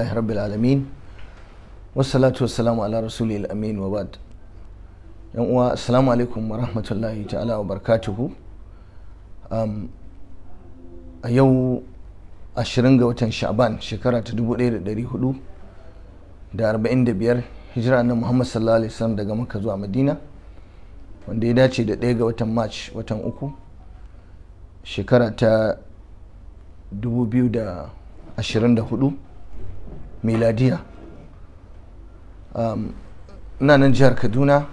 alhamdulillah rabbil alamin wassalatu wassalamu ala rasulil amin wa ba'd yan uwa assalamu alaikum wa rahmatullahi ta'ala wa barakatuhu um, a yau 20 ga watan sha'ban shekara ta 1445 hijira na muhammad sallallahu alaihi wasallam daga maka zuwa madina wanda ya dace da 1 ga watan march watan uku shekara ta 2024 miladiya um, ina nan jihar kaduna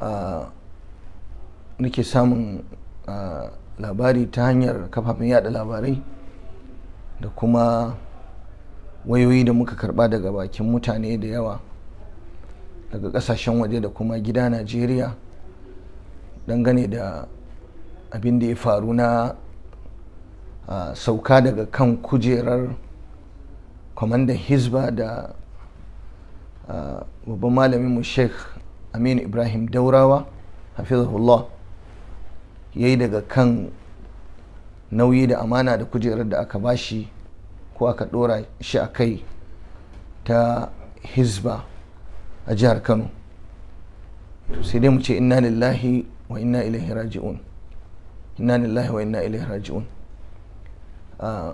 uh, nake samun uh, labari ta hanyar kafafen yada labarai da kuma wayoyi da muka karba daga bakin mutane da yawa daga kasashen waje da kuma gida najeriya dangane da abin da ya faru na uh, sauka daga kan kujerar kwamandan hizba da uh, babban malamin mu sheikh aminu ibrahim daurawa hafizahullah ya yi daga kan nauyi da amana da kujerar da aka bashi ko aka dora shi a kai ta hizba a jihar kano sai dai mu ce inna lillahi wa inna ilaihi raji'un inna lillahi wa inna ilaihi raji'un uh,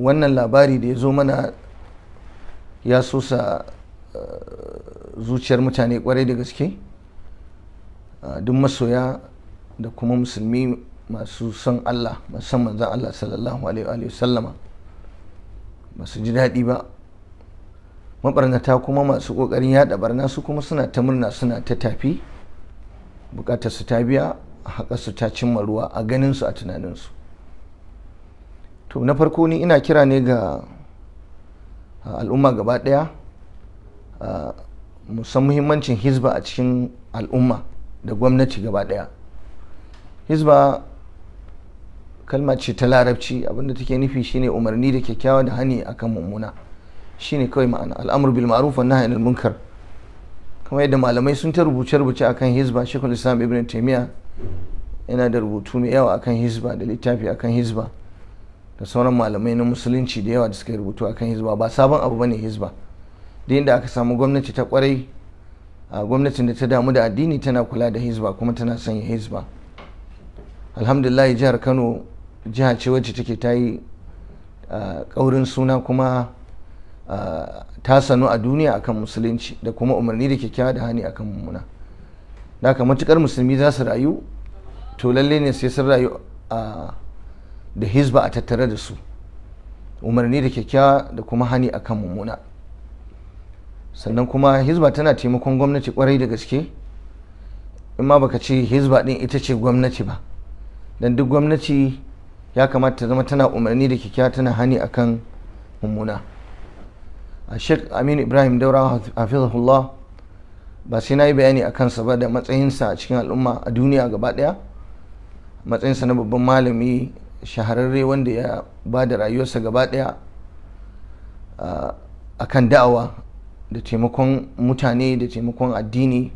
wannan labari da ya zo mana ya sosa eh, zuciyar mutane kwarai da gaske eh, duk masoya da kuma musulmi masu son Allah musamman zan Allah sallallahu alaihi wa sallama ba ji daɗi ba mabarnata kuma masu ƙoƙarin yaɗa barna su kuma suna ta murna suna ta tafi bukatar su ta biya haƙa su ta cimma ruwa a ganin su a tunaninsu to na farko ni ina kira ne ga ah, al'umma gaba daya ah, san muhimmancin hizba a cikin al'umma da gwamnati gaba daya hizba kalma ce ta larabci abinda take nufi shine umarni da kyakkyawa da hani akan mummuna shine kawai ma'ana al'amur bil ma'ruf wa nahy anil munkar kamar yadda malamai sun ta rubuce rubuce akan hizba shekul islam ibn taymiya yana da rubutu mai yawa akan hizba da littafi akan hizba da sauran malamai na musulunci da yawa da suka rubutu akan hizba ba sabon abu bane hizba da inda aka samu gwamnati ta kwarai a gwamnatin da ta damu da addini tana kula da hizba kuma tana sanya hizba alhamdulillah jihar kano jiha ce wacce take ta yi ƙaurin suna kuma ta sanu a duniya akan musulunci da kuma umarni da kyakkyawa da hani akan mummuna da ka matukar musulmi za su rayu to lalle ne sai sun rayu a da hizba a tattare da su umarni da kyakkyawa da kuma hani akan mummuna sannan kuma hizba tana taimakon gwamnati kwarai da gaske in ma baka ce hizba din ita ce gwamnati ba don duk gwamnati ya kamata ta zama tana umarni da kyakkyawa tana hani akan mummuna a shek aminu ibrahim daura hafizahullah ba sai na yi bayani a kansa ba da matsayinsa a cikin al'umma a duniya gaba daya matsayinsa na babban malami shahararre wanda ya ba da rayuwarsa gaba daya a kan da'awa da taimakon mutane da taimakon addini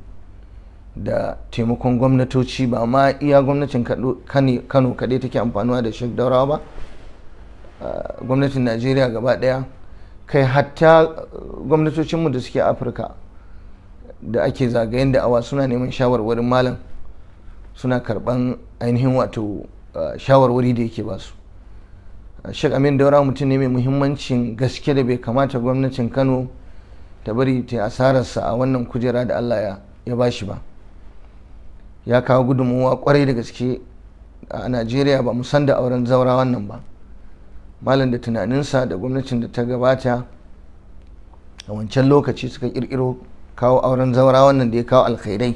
da taimakon gwamnatoci ba ma iya gwamnatin kano kaɗai take amfanuwa da shek daurawa ba gwamnatin najeriya gaba daya kai hatta gwamnatocinmu da suke afirka da ake zagayen da'awa suna neman shawarwarin malam suna karban ainihin wato shawarwari da yake ba su shek amin daura mutum ne mai muhimmancin gaske da bai kamata gwamnatin kano ta bari ta asararsa a wannan kujera da allah ya ba shi ba ya kawo gudunmuwa kwarai da gaske a najeriya ba musan da auren zaura wannan ba malam da tunaninsa da gwamnatin da ta gabata a wancan lokaci suka kirkiro kawo auren zaura wannan da ya kawo alkhairai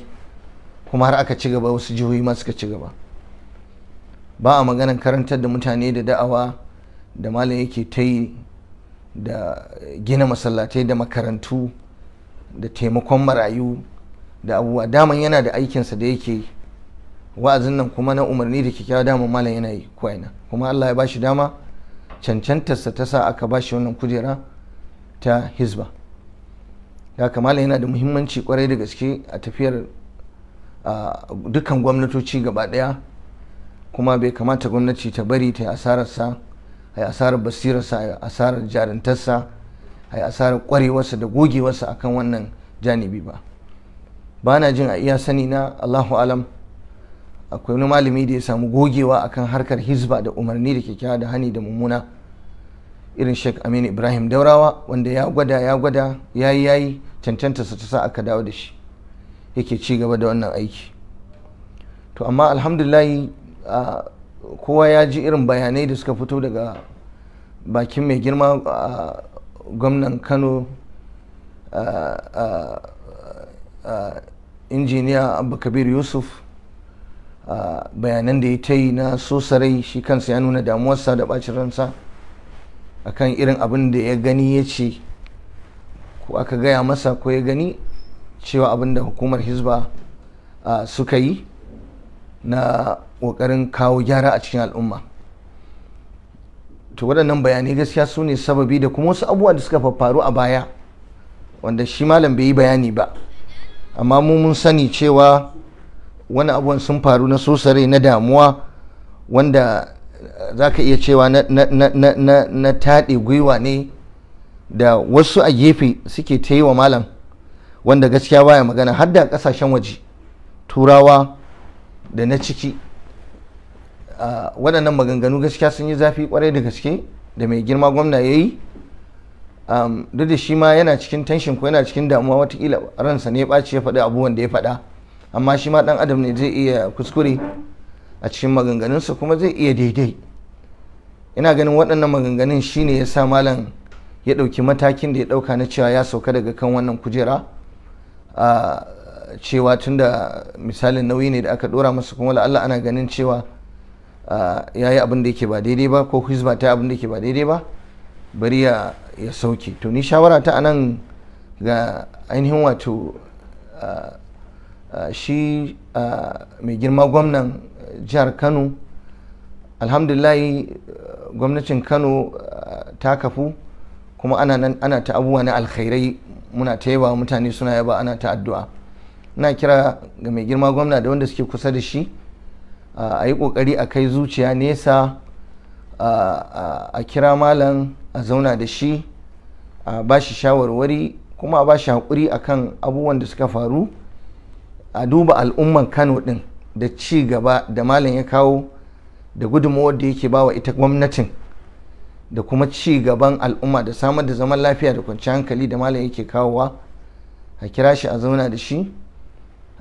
kuma har aka ci gaba wasu jihohi ma suka ci gaba ba a maganar karantar da mutane da da'awa da malam yake ta yi da gina masallatai da makarantu da taimakon marayu da abubuwa daman yana da aikinsa da yake wa'azin nan kuma na umarni da kyakkyawa daman malam yana yi kwaina kuma allah ya ba shi dama cancantarsa ta sa aka ba shi wannan kujera ta hisba ya kamala yana da muhimmanci kwarai da gaske a tafiyar dukkan gwamnatoci gaba daya kuma bai kamata gwamnati ta bari ta yi asararsa a yi asarar basirarsa a yi asarar jarintarsa a yi asarar kwarewarsa da gogewarsa akan wannan janibi ba ba na jin a iya sani na allahu alam akwai wani malami da ya samu gogewa akan harkar hizba da umarni da kyakkyawa da hani da mummuna irin sheikh amin ibrahim daurawa wanda ya gwada ya gwada ya yi ya yi cancanta su ta sa aka dawo da shi yake ci gaba da wannan aiki to amma alhamdulahi kowa ya ji irin bayanai da suka fito daga bakin mai girma a gwamnan kano injiniya abubakar yusuf bayanan da ya ta yi na sosarai shi kansa ya nuna damuwarsa da bacin ransa akan irin abin da ya gani ya ce ko aka gaya masa ko ya gani cewa abin da hukumar hisba suka yi na ƙoƙarin kawo gyara a cikin al'umma to waɗannan bayanai gaskiya su ne sababi da kuma wasu abubuwa da suka faru a baya wanda shi malam bai yi bayani ba amma mu mun sani cewa wani abubuwan sun faru na sosare na damuwa wanda eh, za ka iya cewa na taɗe gwiwa ne da wasu a gefe suke ta yi wa malam wanda gaskiya baya magana har da ƙasashen waje turawa da na ciki Ah, waɗannan maganganu gaskiya sun yi zafi kwarai da gaske da mai girma gwamna ya yi duk da shi ma yana cikin tension ko yana cikin damuwa watakila ransa ne ya ɓaci ya faɗi abubuwan da ya faɗa amma shi ma ɗan adam ne zai iya kuskure a cikin maganganunsa kuma zai iya daidai ina ganin waɗannan maganganun shi ne ya sa malam ya ɗauki matakin da ya ɗauka na cewa ya sauka daga kan wannan kujera a ah, cewa tunda misalin nauyi ne da aka ɗora masa kuma la'alla ana ganin cewa Ah, ya yi abin da yake ba daidai ba ko hizba ta abin da yake ba daidai ba bari ya sauke to ni shawara ta anan ga ainihin wato ah, ah, shi mai girma gwamnan jihar kano alhamdulahi gwamnatin kano ta kafu kuma ana ta abubuwa na alkhairai muna ta yaba mutane suna yaba ana ta addu'a na kira ga mai girma gwamna da wanda suke kusa da shi a yi ƙoƙari a kai zuciya nesa a kira malam a zauna da shi a ba shi shawarwari kuma a ba shi haƙuri a kan abubuwan da suka faru a duba al'umman kano ɗin da ci gaba da malam ya kawo da gudunmawar da yake bawa ita gwamnatin da kuma ci gaban al'umma da samar da zaman lafiya da kwanciyar hankali da malam yake kawowa a kira shi a zauna da shi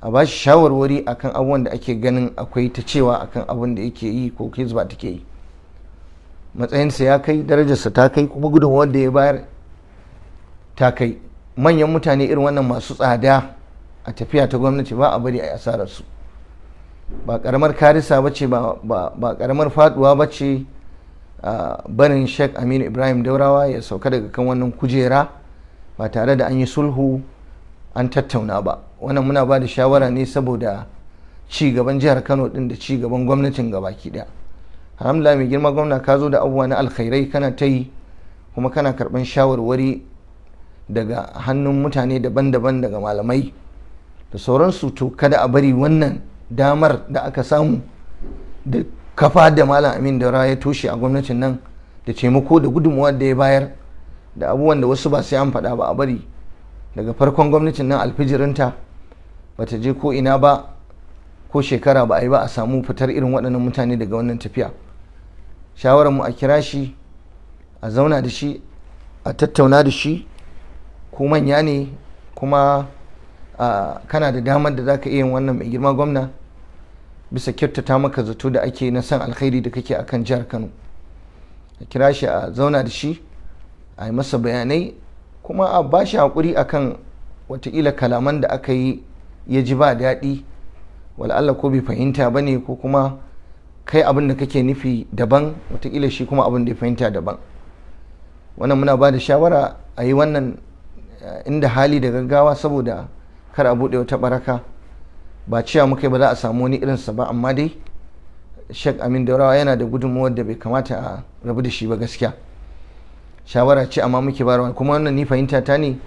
a ba shi shawarwari akan abubuwan da ake ganin akwai ta cewa akan abun da yake yi ko zuba take yi matsayinsa ya kai darajarsa ta kai kuma gudunmawar da ya bayar ta kai manyan mutane irin wannan masu tsada a tafiya ta gwamnati ba a bari a asararsu ba karamar karisa ba ce ba karamar faduwa ba ce barin sheikh aminu ibrahim daurawa ya sauka daga kan wannan kujera ba tare da an yi sulhu an tattauna ba wannan muna ba da shawara ne saboda cigaban jihar kano din da cigaban gaban gwamnatin gabaki da alhamdulillah mai girma gwamna ka zo da abubuwa na alkhairai kana ta yi kuma kana karban shawarwari daga hannun mutane daban-daban daga malamai da sauransu to kada a bari wannan damar da aka samu da kafa da malam amin da ya toshe a gwamnatin nan da taimako da gudunmuwa da ya bayar da abubuwan da wasu ba sai an faɗa ba a bari daga farkon gwamnatin nan alfijirinta bata je ko ina ba ko shekara ba a yi ba a samu fitar irin waɗannan mutane daga wannan tafiya shawarar mu a kira shi a zauna da shi a tattauna da shi ko manya ne kuma kana da damar da zaka iya yin wannan mai girma gwamna bisa kyautata maka zato da ake na san alkhairi da kake akan jihar kano a kira shi a zauna da shi a yi masa bayanai kuma a ba shi haƙuri akan watakila kalaman da aka yi ya ji ba daɗi Allah ko bai fahimta ba ne ko kuma kai abin da kake nufi daban watakila shi kuma abin da ya fahimta daban wannan muna ba da shawara a yi wannan eh, inda hali da gaggawa saboda kar a buɗe wata baraka ba cewa muka ba za a samu wani irinsa ba amma dai shek amin daurawa yana da gudunmuwar da bai kamata a rabu da shi ba gaskiya shawara ce amma muke barawa kuma wannan ni fahimta ta ne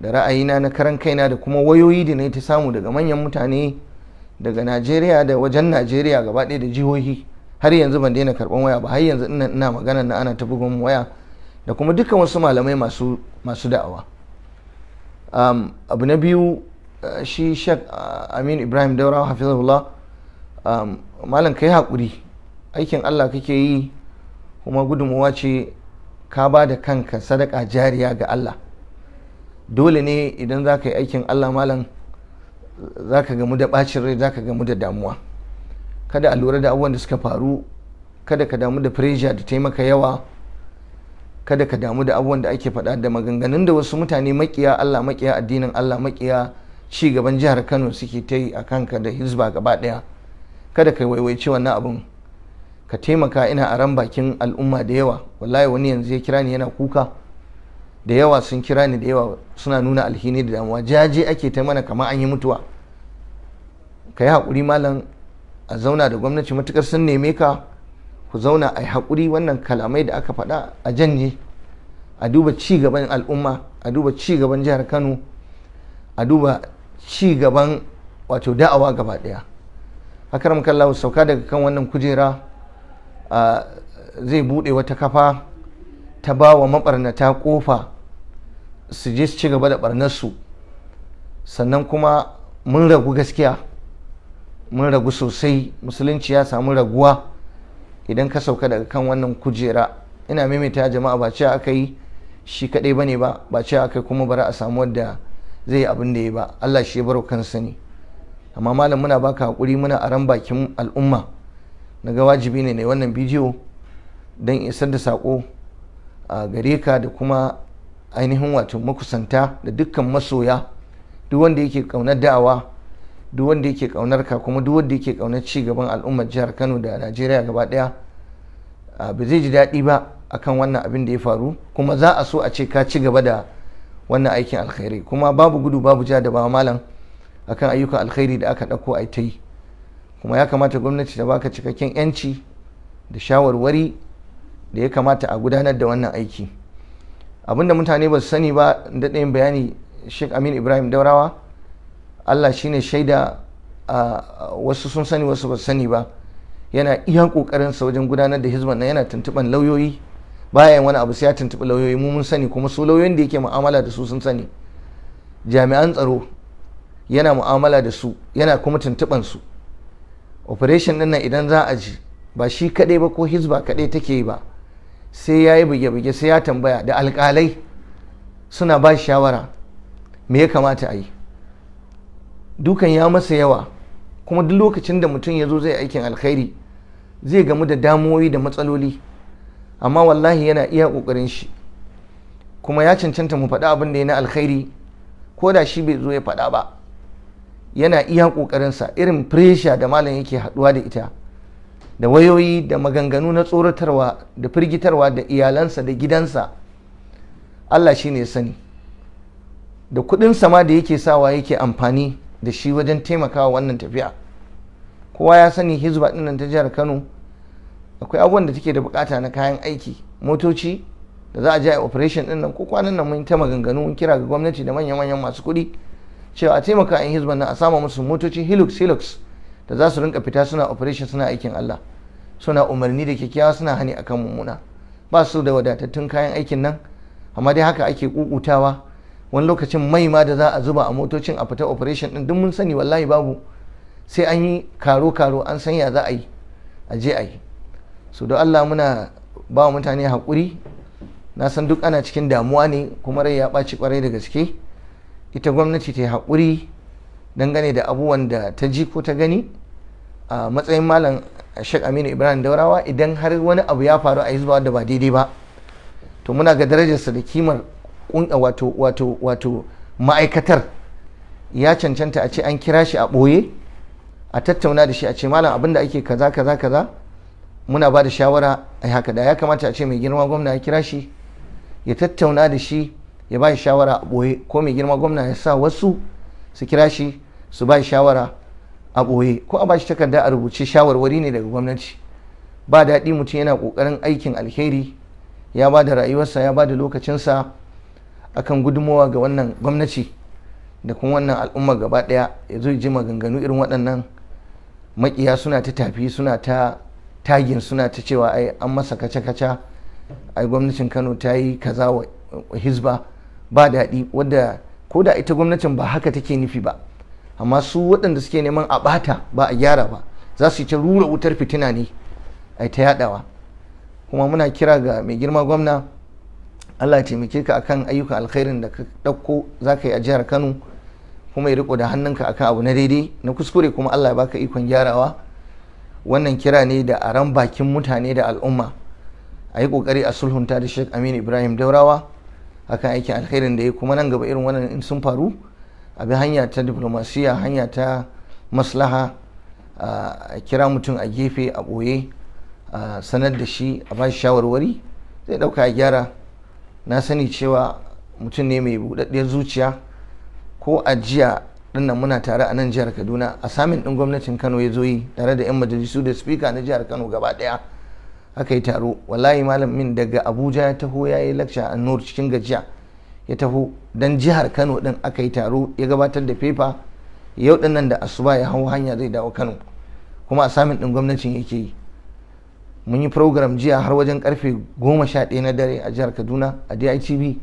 da ra'ayina na karan kaina da kuma wayoyi da na yi ta samu daga manyan mutane daga najeriya da wajen najeriya gaba ɗaya da jihohi har yanzu ban daina karɓan waya ba har yanzu ina ina magana na ana ta bugun waya da kuma dukkan wasu malamai masu masu da'awa abu na biyu eh, shi shek uh, eh, amin ibrahim daura hafizullah um, malam kai haƙuri aikin allah kake yi kuma gudunmawa ce ka ba da kanka sadaka jariya ga allah dole ne idan za ka yi aikin allah malam za ka gamu da ɓacin rai za ka gamu da damuwa kada a lura da abubuwan da suka faru kada ka damu da pressure da taimaka yawa kada ka damu da abubuwan da ake faɗa da maganganun da wasu mutane makiya allah makiya addinin allah makiya ci gaban jihar kano suke ta yi a kanka da hizba gaba ɗaya kada ka waiwaici wannan abun ka taimaka ina a ran bakin al'umma da yawa wallahi wani yanzu ya kira ni yana kuka da yawa sun kira ni da yawa suna nuna alhini da damuwa jaje ake ta mana kamar an yi mutuwa ka yi haƙuri malam a zauna da gwamnati matukar sun neme ka ku zauna a yi haƙuri wannan kalamai da aka faɗa a janye a duba ci gaban al'umma a duba ci gaban jihar kano a duba ci gaban wato da'awa gaba ɗaya akaram kallahu sauka daga kan wannan kujera zai buɗe wata kafa ta ba wa mabarnata kofa su je su ci gaba da barnarsu sannan kuma mun ragu gaskiya mun ragu sosai musulunci ya samu raguwa idan ka sauka daga kan wannan kujera ina maimaita jama'a ba ce aka yi shi kaɗai ba ne ba ba cewa aka yi kuma bari a samu wadda zai yi abin da ya ba allah shi ya baro kansa ne amma malam muna baka hakuri muna aran bakin al'umma na ga wajibi ne ne wannan bidiyo don isar da saƙo a gare ka da kuma ainihin wato makusanta da dukkan masoya duk wanda yake kaunar da'awa duk wanda yake kaunar ka kuma duk wanda yake kaunar ci gaban al'ummar jihar Kano da Najeriya gaba daya ba zai ji daɗi ba akan wannan abin da ya faru kuma za a so a ce ka ci gaba da wannan aikin alkhairi kuma babu gudu babu ja da ba malam akan ayyukan alkhairi da aka ɗauko a ta yi kuma ya kamata gwamnati ta baka cikakken 'yanci da shawarwari da ya kamata a gudanar da wannan aiki abinda mutane ba su sani ba daɗayin bayani sheikh amin ibrahim daurawa allah shine shaida wasu sun sani wasu ba su sani ba yana iya ƙoƙarinsa wajen gudanar da hizban na yana tuntuɓan lauyoyi bayan wani abu sai ya tuntuɓi lauyoyi mu mun sani kuma su lauyoyin da yake mu'amala da su sun sani jami'an tsaro yana mu'amala da su yana kuma tuntuɓan su operation ɗin nan idan za a ji ba shi kaɗai ba ko hizba kaɗai take yi ba sai ya yi buge-buge sai ya tambaya da alkalai suna ba shawara me ya kamata a yi dukan ya masa yawa kuma duk lokacin da mutum ya zo zai aikin alkhairi zai gamu da damuwoyi da matsaloli amma wallahi yana iya ƙoƙarin shi kuma ya cancanta mu faɗa abin da ya na alkhairi ko da shi bai zo ya faɗa ba yana iya ƙoƙarinsa irin firesha da malam yake haɗuwa da ita da wayoyi da maganganu na tsoratarwa da firgitarwa da iyalansa da gidansa Allah shi ne sani da kudin sama da yake sawa yake amfani da shi wajen taimakawa wannan tafiya kowa ya sani hizba ɗin ta jihar kano akwai abubuwan da take da bukata na kayan aiki motoci da za a je a operation ɗin nan ko kwanan nan mun ta maganganu mun kira ga gwamnati da manya-manyan masu kuɗi cewa a taimaka yan hizba nan a sama musu motoci hilux hilux da za su rinka fita suna operation suna aikin allah suna umarni da kyakkyawa suna hani akan mummuna ba su da wadatattun kayan aikin nan amma dai haka ake kukutawa wani lokacin mai ma da za a zuba a motocin a fita operation din duk mun sani wallahi babu sai an yi karo karo an san ya za a yi a je a yi su da Allah muna ba mutane haƙuri na san duk ana cikin damuwa ne kuma rai ya ɓaci kwarai da gaske ita gwamnati ta yi haƙuri dangane da abubuwan da ta ji ko ta gani a matsayin malam Sheikh Aminu Ibrahim Daurawa idan har wani abu ya faru a Hizba da ba daidai ba to muna ga darajarsa da kimar wato wato wato ma'aikatar ya cancanta a ce an kira shi a ɓoye a tattauna da shi a ce malam abinda ake kaza kaza kaza muna ba da shawara a haka da ya kamata a ce mai girma gwamna ya kira shi ya tattauna da shi ya ba shi shawara a ɓoye ko mai girma gwamna ya sa wasu su kira shi su ba shi shawara a ɓoye ko a bashi takarda a rubuce shawarwari ne daga gwamnati ba daɗi mutum yana ƙoƙarin aikin alheri ya ba da rayuwarsa ya ba da lokacinsa akan gudunmawa ga wannan gwamnati da kuma wannan al'umma gaba ɗaya ya zo ji maganganu irin waɗannan makiya suna ta tafi suna ta tagin suna ta cewa ai an masa kaca-kaca ai gwamnatin kano ta yi kaza wa hizba ba daɗi wadda ko da ita gwamnatin ba haka take nufi ba amma su waɗanda suke neman a ɓata ba a gyara ba za su yi ta rura wutar fitina ne a ta yaɗawa kuma muna kira ga mai girma gwamna allah ya taimake ka akan ayyukan alkhairin da ka ɗauko za ka yi a jihar kano kuma ya riko da hannunka akan abu na daidai na kuskure kuma allah ya baka ikon gyarawa wannan kira ne da a ran bakin mutane da al'umma a yi kokari a sulhunta da sheikh aminu ibrahim daurawa akan aikin alkhairin da ya kuma nan gaba irin wannan in sun faru a bi hanya ta diplomasiya hanya ta maslaha a kira mutum a gefe a ɓoye a sanar da shi a ba shi shawarwari zai ɗauka a gyara na sani cewa mutum ne mai buɗaɗɗiyar zuciya ko a jiya ɗinnan muna tare a nan jihar kaduna a samin ɗin gwamnatin kano ya zo yi tare da 'yan majalisu da spika na jihar kano gaba ɗaya aka yi taro wallahi malamin daga abuja ya taho ya yi lakca a nur cikin gajiya ya taho dan jihar kano din aka yi taro ya gabatar da fefa yau din nan da asuba ya hau hanya zai dawo kano kuma a samin din gwamnatin yake yi mun yi program jiya har wajen karfe goma sha ɗaya na dare a jihar kaduna a ditv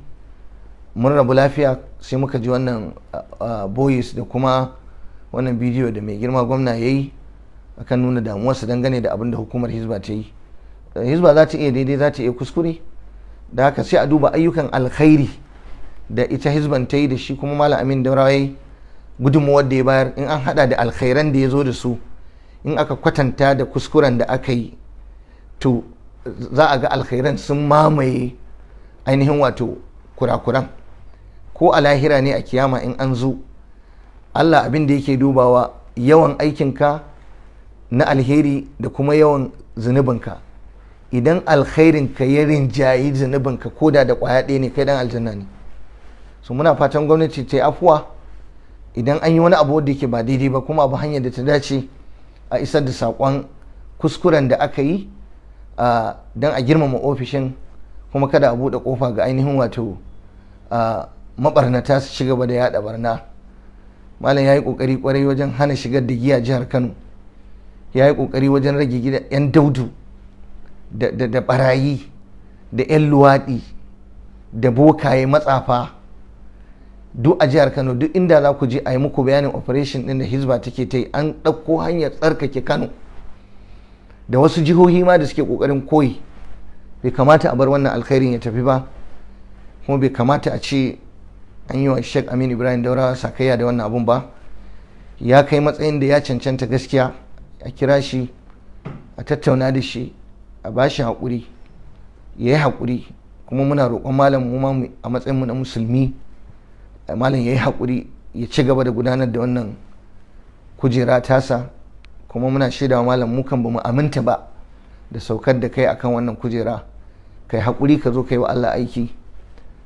mun rabu lafiya sai muka ji wannan boys da kuma wannan bidiyo da mai girma gwamna ya yi akan nuna damuwarsa dangane da abin da hukumar hizba ta yi hizba za ta iya daidai za ta iya kuskure da haka sai a duba ayyukan alkhairi da ita hizban ta yi da shi kuma malam amin da ya gudunmuwar da ya bayar in an hada da alkhairan da ya zo da su in aka kwatanta da kuskuren da aka yi to za a ga alkhairan sun mamaye ainihin wato kurakuran ko a lahira ne a kiyama in an zo allah abin da yake dubawa yawan aikinka na alheri da kuma yawan zunubinka idan alkhairinka ya rinjayi zunubinka koda da kwaya ɗaya ne kai dan aljanna ne su muna fatan gwamnati ta yi afuwa idan an yi wani abu da yake ba daidai ba kuma abu hanyar da ta dace a isar da saƙon kuskuren da aka yi don a girmama ofishin kuma kada a buɗe ƙofa ga ainihin wato mabarnata su ci gaba da yaɗa barna malam ya yi ƙoƙari ƙwarai wajen hana shigar da giya jihar kano ya yi ƙoƙari wajen rage gida 'yan daudu da barayi da 'yan luwaɗi da bokaye matsafa duk a jihar kano duk inda za ku je a yi muku bayanin operation din da hizba take ta yi an ɗauko hanyar tsarkake kano da wasu jihohi ma da suke ƙoƙarin koyi bai kamata a bar wannan alkhairin ya tafi ba kuma bai kamata a ce an yi wa shek amin ibrahim daura sakayya da wannan abun ba ya kai matsayin da ya cancanta gaskiya a kira shi a tattauna da shi a ba shi haƙuri ya yi haƙuri kuma muna roƙon malam mu a mu na musulmi malam ya yi haƙuri ya ci gaba da gudanar da wannan kujera tasa kuma muna wa malam mukan ba mu aminta ba da saukar da kai akan wannan kujera kai haƙuri ka zo ka yi wa Allah aiki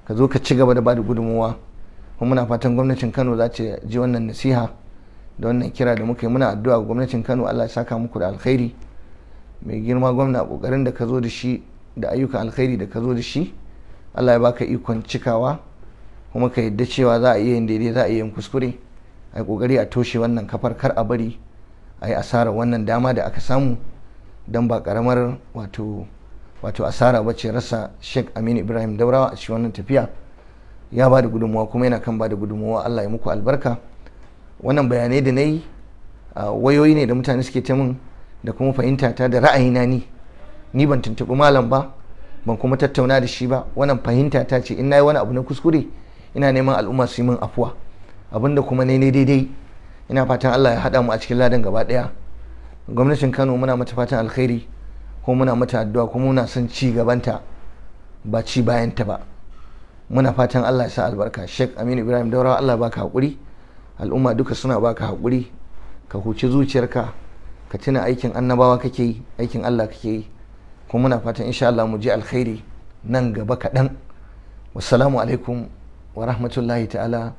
ka zo ka ci gaba da ba da gudunmuwa kuma muna fatan gwamnatin Kano za ta ji wannan nasiha da wannan kira da muka yi muna addu'a ga gwamnatin Kano Allah ya saka muku da alkhairi mai girma gwamna kokarin da ka zo da shi da ayyukan alkhairi da ka zo da shi Allah ya baka ikon cikawa kuma ka yadda cewa za a iya yin daidai za a iya yin kuskure a yi kokari a toshe wannan kafar kar a bari a yi asara wannan dama da aka samu don ba karamar wato asara ba ce rasa sheikh aminu ibrahim daurawa a cikin wannan tafiya ya ba da gudunmuwa kuma yana kan ba da gudunmuwa allah ya muku albarka wannan bayanai da na yi wayoyi ne da mutane suke ta min da kuma fahimta ta da ra'ayi na ni ni ban tuntuɓi malam ba ban kuma tattauna da shi ba wannan fahimta ta ce in na yi wani abu na kuskure ina neman al'umma su yi min afuwa abinda kuma ne daidai ina fatan Allah ya haɗa mu a cikin ladan gaba ɗaya gwamnatin Kano muna mata fatan alkhairi ko muna mata addu'a kuma muna son ci gabanta ba ci bayanta ba muna fatan Allah ya sa albarka Sheikh Aminu Ibrahim Daura Allah baka haƙuri al'umma duka suna baka haƙuri ka huci zuciyarka ka tuna aikin annabawa kake yi aikin Allah kake yi kuma muna fatan insha Allah mu je alkhairi nan gaba kaɗan wasalamu alaikum wa rahmatullahi ta'ala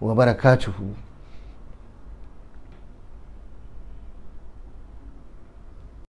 wa barakatuhu